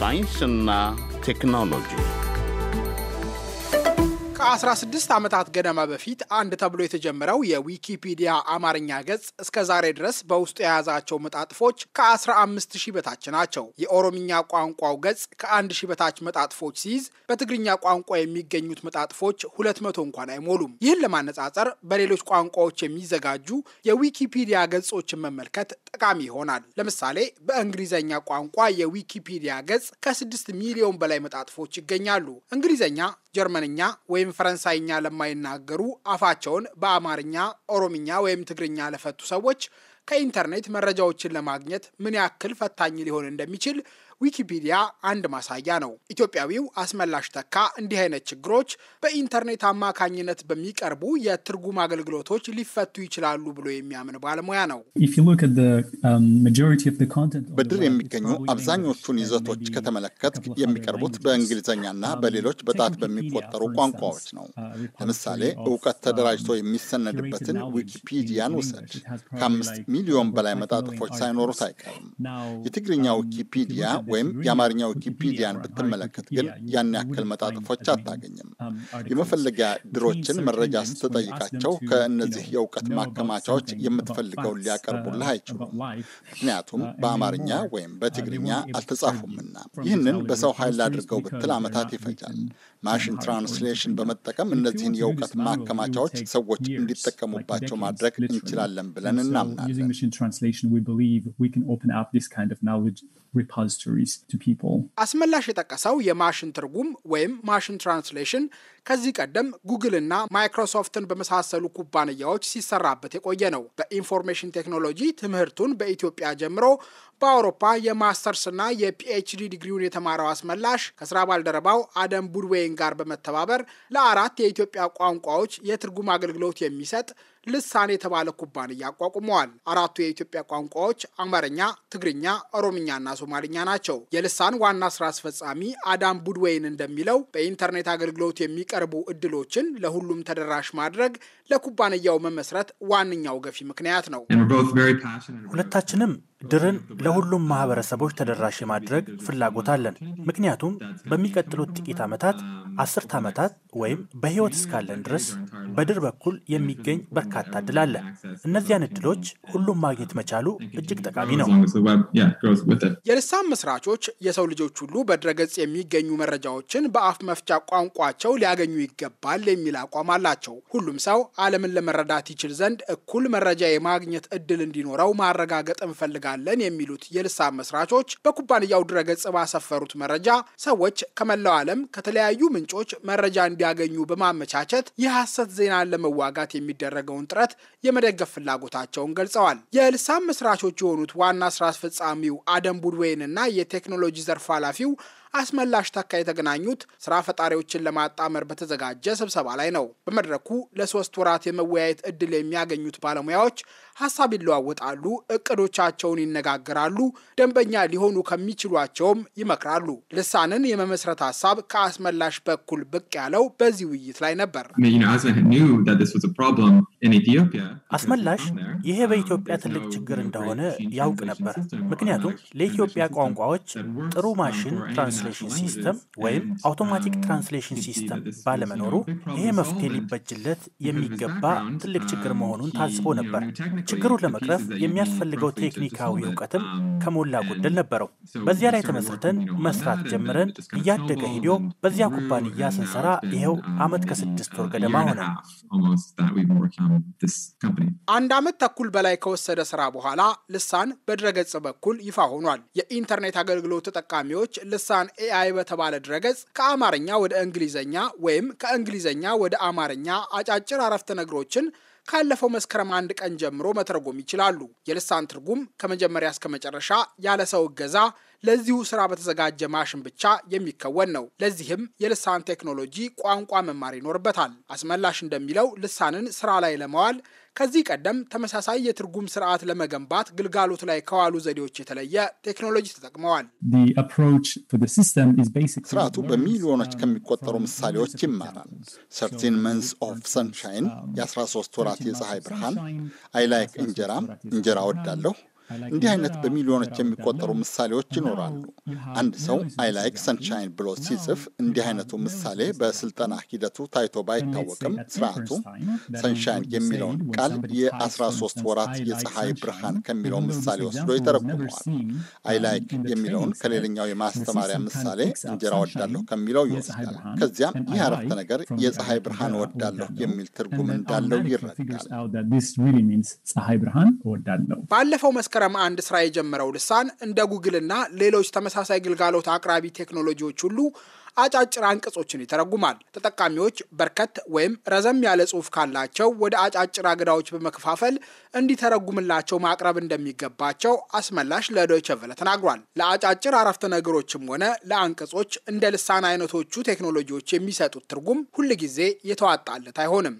ሳይንስና ቴክኖሎጂ ከ16 ዓመታት ገደማ በፊት አንድ ተብሎ የተጀመረው የዊኪፒዲያ አማርኛ ገጽ እስከ ዛሬ ድረስ በውስጡ የያዛቸው መጣጥፎች ከ15 ሺህ በታች ናቸው። የኦሮምኛ ቋንቋው ገጽ ከ1 ሺህ በታች መጣጥፎች ሲይዝ በትግርኛ ቋንቋ የሚገኙት መጣጥፎች 200 እንኳን አይሞሉም። ይህን ለማነጻጸር በሌሎች ቋንቋዎች የሚዘጋጁ የዊኪፒዲያ ገጾችን መመልከት ጠቃሚ ይሆናል። ለምሳሌ በእንግሊዝኛ ቋንቋ የዊኪፒዲያ ገጽ ከ6 ሚሊዮን በላይ መጣጥፎች ይገኛሉ። እንግሊዝኛ፣ ጀርመንኛ ወይም ወይም ፈረንሳይኛ ለማይናገሩ አፋቸውን በአማርኛ፣ ኦሮምኛ ወይም ትግርኛ ለፈቱ ሰዎች ከኢንተርኔት መረጃዎችን ለማግኘት ምን ያክል ፈታኝ ሊሆን እንደሚችል ዊኪፒዲያ አንድ ማሳያ ነው። ኢትዮጵያዊው አስመላሽ ተካ እንዲህ አይነት ችግሮች በኢንተርኔት አማካኝነት በሚቀርቡ የትርጉም አገልግሎቶች ሊፈቱ ይችላሉ ብሎ የሚያምን ባለሙያ ነው። um, በድር የሚገኙ አብዛኞቹን uh, ይዘቶች ከተመለከት የሚቀርቡት በእንግሊዝኛና um, በሌሎች በጣት በሚቆጠሩ uh, ቋንቋዎች ነው። ለምሳሌ um, እውቀት ተደራጅቶ የሚሰነድበትን ዊኪፒዲያን ውሰድ። ከአምስት ሚሊዮን uh, በላይ መጣጥፎች ሳይኖሩት አይቀርም። የትግርኛ ዊኪፒዲያ ወይም የአማርኛ ዊኪፒዲያን ብትመለከት ግን ያን ያክል መጣጥፎች አታገኝም። um, የመፈለጊያ ድሮችን መረጃ ስትጠይቃቸው ከእነዚህ የእውቀት ማከማቻዎች የምትፈልገውን ሊያቀርቡልህ uh, አይችሉም። ምክንያቱም uh, በአማርኛ ወይም uh, በትግርኛ አልተጻፉምና። ይህንን በሰው ኃይል አድርገው ብትል ዓመታት ይፈጃል። ማሽን ትራንስሌሽን በመጠቀም እነዚህን የእውቀት ማከማቻዎች ሰዎች እንዲጠቀሙባቸው ማድረግ እንችላለን ብለን እናምናለን። አስመላሽ የጠቀሰው የማሽን ትርጉም ወይም ማሽን ትራንስሌሽን ከዚህ ቀደም ጉግልና ማይክሮሶፍትን በመሳሰሉ ኩባንያዎች ሲሰራበት የቆየ ነው። በኢንፎርሜሽን ቴክኖሎጂ ትምህርቱን በኢትዮጵያ ጀምሮ በአውሮፓ የማስተርስና የፒኤችዲ ዲግሪውን የተማረው አስመላሽ ከስራ ባልደረባው አደም ቡድዌይን ጋር በመተባበር ለአራት የኢትዮጵያ ቋንቋዎች የትርጉም አገልግሎት የሚሰጥ ልሳን የተባለ ኩባንያ አቋቁመዋል። አራቱ የኢትዮጵያ ቋንቋዎች አማርኛ፣ ትግርኛ፣ ኦሮምኛና ሶማልኛ ናቸው። የልሳን ዋና ስራ አስፈጻሚ አዳም ቡድዌይን እንደሚለው በኢንተርኔት አገልግሎት የሚቀርቡ እድሎችን ለሁሉም ተደራሽ ማድረግ ለኩባንያው መመስረት ዋነኛው ገፊ ምክንያት ነው። ሁለታችንም ድርን ለሁሉም ማህበረሰቦች ተደራሽ የማድረግ ፍላጎት አለን። ምክንያቱም በሚቀጥሉት ጥቂት ዓመታት፣ አስርት ዓመታት ወይም በሕይወት እስካለን ድረስ በድር በኩል የሚገኝ በርካታ እድል አለ። እነዚያን እድሎች ሁሉም ማግኘት መቻሉ እጅግ ጠቃሚ ነው። የልሳን መስራቾች የሰው ልጆች ሁሉ በድረገጽ የሚገኙ መረጃዎችን በአፍ መፍቻ ቋንቋቸው ሊያገኙ ይገባል የሚል አቋም አላቸው። ሁሉም ሰው ዓለምን ለመረዳት ይችል ዘንድ እኩል መረጃ የማግኘት እድል እንዲኖረው ማረጋገጥ እንፈልጋል እናደርጋለን የሚሉት የልሳን መስራቾች በኩባንያው ድረገጽ ባሰፈሩት መረጃ ሰዎች ከመላው ዓለም ከተለያዩ ምንጮች መረጃ እንዲያገኙ በማመቻቸት የሐሰት ዜናን ለመዋጋት የሚደረገውን ጥረት የመደገፍ ፍላጎታቸውን ገልጸዋል። የልሳን መስራቾች የሆኑት ዋና ስራ አስፈጻሚው አደም ቡድዌይን እና የቴክኖሎጂ ዘርፍ ኃላፊው አስመላሽ ተካ የተገናኙት ስራ ፈጣሪዎችን ለማጣመር በተዘጋጀ ስብሰባ ላይ ነው። በመድረኩ ለሶስት ወራት የመወያየት እድል የሚያገኙት ባለሙያዎች ሀሳብ ይለዋወጣሉ፣ እቅዶቻቸውን ይነጋገራሉ፣ ደንበኛ ሊሆኑ ከሚችሏቸውም ይመክራሉ። ልሳንን የመመስረት ሀሳብ ከአስመላሽ በኩል ብቅ ያለው በዚህ ውይይት ላይ ነበር። አስመላሽ ይሄ በኢትዮጵያ uh, ትልቅ ችግር እንደሆነ ያውቅ ነበር። ምክንያቱም ለኢትዮጵያ ቋንቋዎች ጥሩ ማሽን ትራንስ ትራንስሌሽን ሲስተም ወይም አውቶማቲክ ትራንስሌሽን ሲስተም ባለመኖሩ ይሄ መፍትሄ ሊበጅለት የሚገባ ትልቅ ችግር um, መሆኑን ታዝቦ ነበር። ችግሩን ለመቅረፍ የሚያስፈልገው ቴክኒካዊ እውቀትም um, ከሞላ ጎደል ነበረው። በዚያ ላይ ተመስርተን መስራት ጀምረን እያደገ ሂዶ በዚያ ኩባንያ ስንሰራ ይኸው um, አመት ከስድስት ወር ገደማ ሆነ። አንድ አመት ተኩል በላይ ከወሰደ ስራ በኋላ ልሳን በድረገጽ በኩል ይፋ ሆኗል። የኢንተርኔት አገልግሎት ተጠቃሚዎች ልሳን ኤአይ በተባለ ድረገጽ ከአማርኛ ወደ እንግሊዘኛ ወይም ከእንግሊዘኛ ወደ አማርኛ አጫጭር አረፍተ ነገሮችን ካለፈው መስከረም አንድ ቀን ጀምሮ መተርጎም ይችላሉ። የልሳን ትርጉም ከመጀመሪያ እስከ መጨረሻ ያለ ሰው እገዛ ለዚሁ ስራ በተዘጋጀ ማሽን ብቻ የሚከወን ነው። ለዚህም የልሳን ቴክኖሎጂ ቋንቋ መማር ይኖርበታል። አስመላሽ እንደሚለው ልሳንን ስራ ላይ ለመዋል ። ከዚህ ቀደም ተመሳሳይ የትርጉም ስርዓት ለመገንባት ግልጋሎት ላይ ከዋሉ ዘዴዎች የተለየ ቴክኖሎጂ ተጠቅመዋል። ስርዓቱ በሚሊዮኖች ከሚቆጠሩ ምሳሌዎች ይማራል። ሰርቲን መንስ ኦፍ ሰንሻይን፣ የ13 ወራት የፀሐይ ብርሃን፣ አይላይክ እንጀራ፣ እንጀራ ወዳለሁ እንዲህ አይነት በሚሊዮኖች የሚቆጠሩ ምሳሌዎች ይኖራሉ። አንድ ሰው አይ ላይክ ሰንሻይን ብሎ ሲጽፍ እንዲህ አይነቱ ምሳሌ በስልጠና ሂደቱ ታይቶ ባይታወቅም ስርዓቱ ሰንሻይን የሚለውን ቃል የ13 ወራት የፀሐይ ብርሃን ከሚለው ምሳሌ ወስዶ ይተረጉመዋል። አይ ላይክ የሚለውን ከሌላኛው የማስተማሪያ ምሳሌ እንጀራ ወዳለሁ ከሚለው ይወስዳል። ከዚያም ይህ አረፍተ ነገር የፀሐይ ብርሃን ወዳለሁ የሚል ትርጉም እንዳለው ይረዳል። ባለፈው መስከረም መስከረም አንድ ስራ የጀመረው ልሳን እንደ ጉግልና ሌሎች ተመሳሳይ ግልጋሎት አቅራቢ ቴክኖሎጂዎች ሁሉ አጫጭር አንቀጾችን ይተረጉማል። ተጠቃሚዎች በርከት ወይም ረዘም ያለ ጽሑፍ ካላቸው ወደ አጫጭር አገዳዎች በመከፋፈል እንዲተረጉምላቸው ማቅረብ እንደሚገባቸው አስመላሽ ለዶይቸ ተናግሯል። ለአጫጭር አረፍተ ነገሮችም ሆነ ለአንቀጾች እንደ ልሳን አይነቶቹ ቴክኖሎጂዎች የሚሰጡት ትርጉም ጊዜ የተዋጣለት አይሆንም።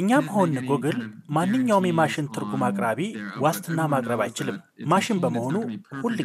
እኛም ሆን ጉግል ማንኛውም የማሽን ትርጉም አቅራቢ ዋስትና ማቅረብ አይችልም። ማሽን በመሆኑ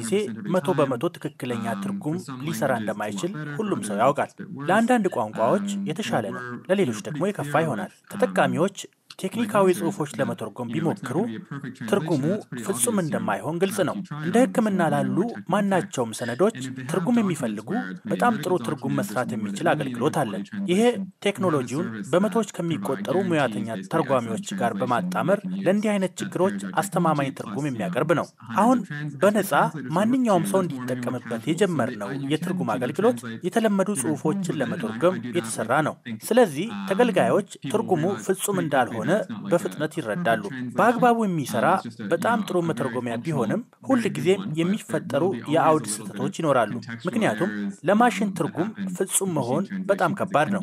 ጊዜ መቶ በመቶ ትክክለኛ um, ትርጉም ሊሰራ እንደማይችል ሁሉም ሰው ያውቃል። ለአንዳንድ ቋንቋዎች um, የተሻለ ነው፣ ለሌሎች ደግሞ የከፋ ይሆናል። ተጠቃ ተርጓሚዎች ቴክኒካዊ ጽሑፎች ለመተርጎም ቢሞክሩ ትርጉሙ ፍጹም እንደማይሆን ግልጽ ነው። እንደ ሕክምና ላሉ ማናቸውም ሰነዶች ትርጉም የሚፈልጉ በጣም ጥሩ ትርጉም መስራት የሚችል አገልግሎት አለን። ይሄ ቴክኖሎጂውን በመቶዎች ከሚቆጠሩ ሙያተኛ ተርጓሚዎች ጋር በማጣመር ለእንዲህ አይነት ችግሮች አስተማማኝ ትርጉም የሚያቀርብ ነው። አሁን በነፃ ማንኛውም ሰው እንዲጠቀምበት የጀመርነው የትርጉም አገልግሎት የተለመዱ ጽሑፎችን ለመተርጎም የተሰራ ነው። ስለዚህ ተገልጋዮች ትርጉሙ ፍጹም እንዳልሆነ እንደሆነ በፍጥነት ይረዳሉ። በአግባቡ የሚሰራ በጣም ጥሩ መተርጎሚያ ቢሆንም ሁል ጊዜም የሚፈጠሩ የአውድ ስህተቶች ይኖራሉ። ምክንያቱም ለማሽን ትርጉም ፍጹም መሆን በጣም ከባድ ነው።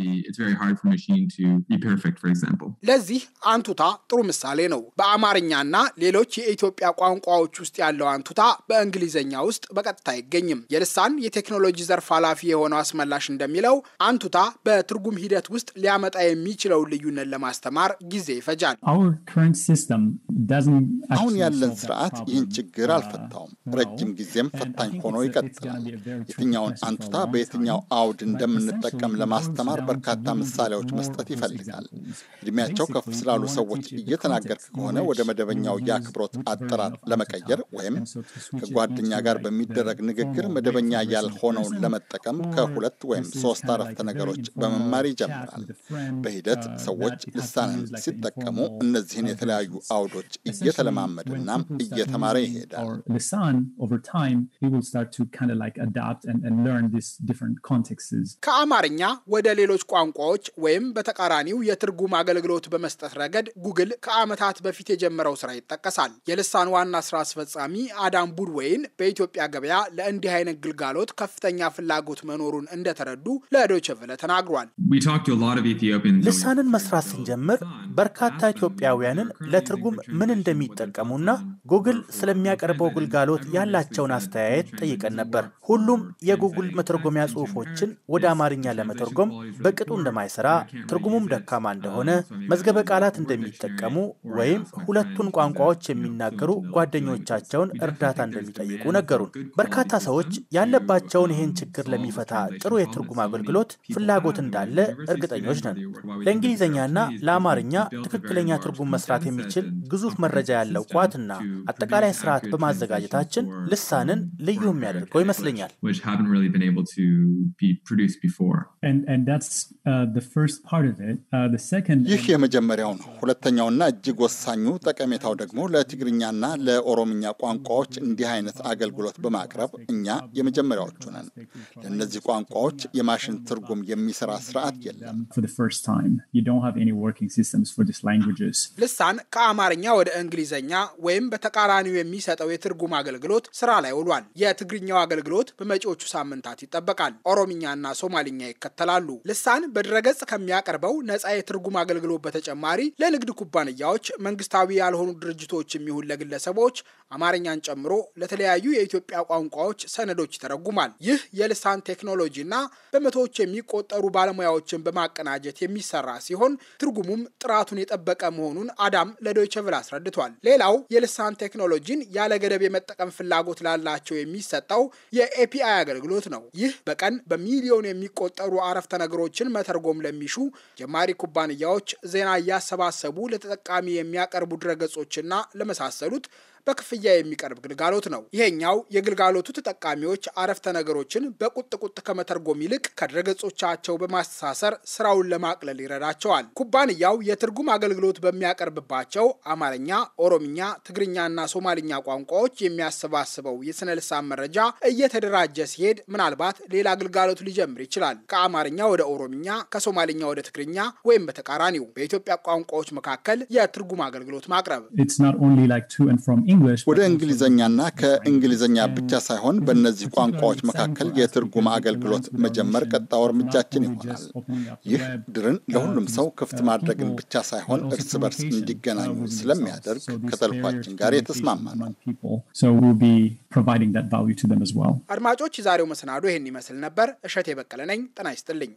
ለዚህ አንቱታ ጥሩ ምሳሌ ነው። በአማርኛና ሌሎች የኢትዮጵያ ቋንቋዎች ውስጥ ያለው አንቱታ በእንግሊዝኛ ውስጥ በቀጥታ አይገኝም። የልሳን የቴክኖሎጂ ዘርፍ ኃላፊ የሆነው አስመላሽ እንደሚለው አንቱታ በትርጉም ሂደት ውስጥ ሊያመጣ የሚችለውን ልዩነት ለማስተማር ጊዜ ይፈጃል። አሁን ያለን ስርዓት ይህን ችግር uh, አልፈታውም። ረጅም ጊዜም ፈታኝ ሆኖ ይቀጥላል። የትኛውን አንቱታ በየትኛው አውድ እንደምንጠቀም ለማስተማር በርካታ ምሳሌዎች መስጠት ይፈልጋል። እድሜያቸው ከፍ ስላሉ ሰዎች እየተናገርክ ከሆነ ወደ መደበኛው የአክብሮት አጠራር ለመቀየር ወይም ከጓደኛ ጋር በሚደረግ ንግግር መደበኛ ያልሆነውን ለመጠቀም ከሁለት ወይም ሶስት አረፍተ ነገሮች በመማር ይጀምራል። በሂደት uh, ሰዎች ልሳንን ሲጠቀሙ እነዚህን uh, የተለያዩ አውዶች እየተለማመደና እየተማረ ይሄዳል። ከአማርኛ ወደ ሌሎች ቋንቋዎች ወይም በተቃራኒው የትርጉም አገልግሎት በመስጠት ረገድ ጉግል ከዓመታት በፊት የጀመረው ስራ ይጠቀሳል። የልሳን ዋና ስራ አስፈጻሚ አዳም ቡድወይን በኢትዮጵያ ገበያ ለእንዲህ አይነት ግልጋሎት ከፍተኛ ፍላጎት መኖሩን እንደተረዱ ለዶይቸ ተናግሯል። ልሳንን መስራት ስንጀምር በርካታ ኢትዮጵያውያንን ለትርጉም ምን እንደሚጠቀሙና ጉግል ስለሚያቀርበው ግልጋሎት ያላቸውን አስተያየት ጠይቀን ነበር። ሁሉም የጉግል መተርጎሚያ ጽሁፎችን ወደ አማርኛ ለመተርጎም በቅጡ እንደማይሰራ፣ ትርጉሙም ደካማ እንደሆነ፣ መዝገበ ቃላት እንደሚጠቀሙ ወይም ሁለቱን ቋንቋዎች የሚናገሩ ጓደኞቻቸውን እርዳታ እንደሚጠይቁ ነገሩን። በርካታ ሰዎች ያለባቸውን ይህን ችግር ለሚፈታ ጥሩ የትርጉም አገልግሎት ፍላጎት እንዳለ እርግጠኞች ነን። ለእንግሊዝኛና ለአማርኛ ትክክለኛ ትርጉም መስራት የሚችል ግዙፍ መረጃ ያለው ቋትና አጠቃላይ ስርዓት በማዘጋጀታችን ልሳንን ልዩ የሚያደርገው ይመስለኛል። uh, uh, ይህ የመጀመሪያው ነው። ሁለተኛውና እጅግ ወሳኙ ጠቀሜታው ደግሞ ለትግርኛና ለኦሮምኛ ቋንቋዎች እንዲህ አይነት አገልግሎት በማቅረብ እኛ የመጀመሪያዎቹ ነን። ለእነዚህ ቋንቋዎች የማሽን ትርጉም የሚሰራ ስርዓት የለም። ልሳን ከአማርኛ ወደ እንግሊዝኛ ወይም በተቃራኒው የሚሰጠው የትርጉም አገልግሎት ስራ ላይ ውሏል። የትግርኛው አገልግሎት በመጪዎቹ ሳምንታት ይጠበቃል። ኦሮምኛና ሶማሊኛ ይከተላሉ። ልሳን በድረገጽ ከሚያቀርበው ነጻ የትርጉም አገልግሎት በተጨማሪ ለንግድ ኩባንያዎች፣ መንግስታዊ ያልሆኑ ድርጅቶች የሚሆን ለግለሰቦች አማርኛን ጨምሮ ለተለያዩ የኢትዮጵያ ቋንቋዎች ሰነዶች ይተረጉማል። ይህ የልሳን ቴክኖሎጂና በመቶዎች የሚቆጠሩ ባለሙያዎችን በማቀናጀት የሚሰራ ሲሆን ትርጉሙም ጥራቱ ጥራቱን የጠበቀ መሆኑን አዳም ለዶይቸ አስረድቷል። ሌላው የልሳን ቴክኖሎጂን ያለ ገደብ የመጠቀም ፍላጎት ላላቸው የሚሰጠው የኤፒአይ አገልግሎት ነው። ይህ በቀን በሚሊዮን የሚቆጠሩ አረፍተ ነገሮችን መተርጎም ለሚሹ ጀማሪ ኩባንያዎች ዜና እያሰባሰቡ ለተጠቃሚ የሚያቀርቡ ድረገጾችና ለመሳሰሉት በክፍያ የሚቀርብ ግልጋሎት ነው። ይሄኛው የግልጋሎቱ ተጠቃሚዎች አረፍተ ነገሮችን በቁጥቁጥ ከመተርጎም ይልቅ ከድረገጾቻቸው በማስተሳሰር ስራውን ለማቅለል ይረዳቸዋል። ኩባንያው የትርጉም አገልግሎት በሚያቀርብባቸው አማርኛ፣ ኦሮምኛ፣ ትግርኛና ሶማልኛ ቋንቋዎች የሚያሰባስበው የስነ ልሳን መረጃ እየተደራጀ ሲሄድ ምናልባት ሌላ ግልጋሎት ሊጀምር ይችላል። ከአማርኛ ወደ ኦሮምኛ፣ ከሶማልኛ ወደ ትግርኛ ወይም በተቃራኒው በኢትዮጵያ ቋንቋዎች መካከል የትርጉም አገልግሎት ማቅረብ ወደ እንግሊዝኛና ከእንግሊዝኛ ብቻ ሳይሆን በእነዚህ ቋንቋዎች መካከል የትርጉም አገልግሎት መጀመር ቀጣው እርምጃችን ይሆናል። ይህ ድርን ለሁሉም ሰው ክፍት ማድረግን ብቻ ሳይሆን እርስ በርስ እንዲገናኙ ስለሚያደርግ ከተልኳችን ጋር የተስማማ ነው። አድማጮች፣ የዛሬው መሰናዶ ይህን ይመስል ነበር። እሸቴ በቀለ ነኝ። ጤና ይስጥልኝ።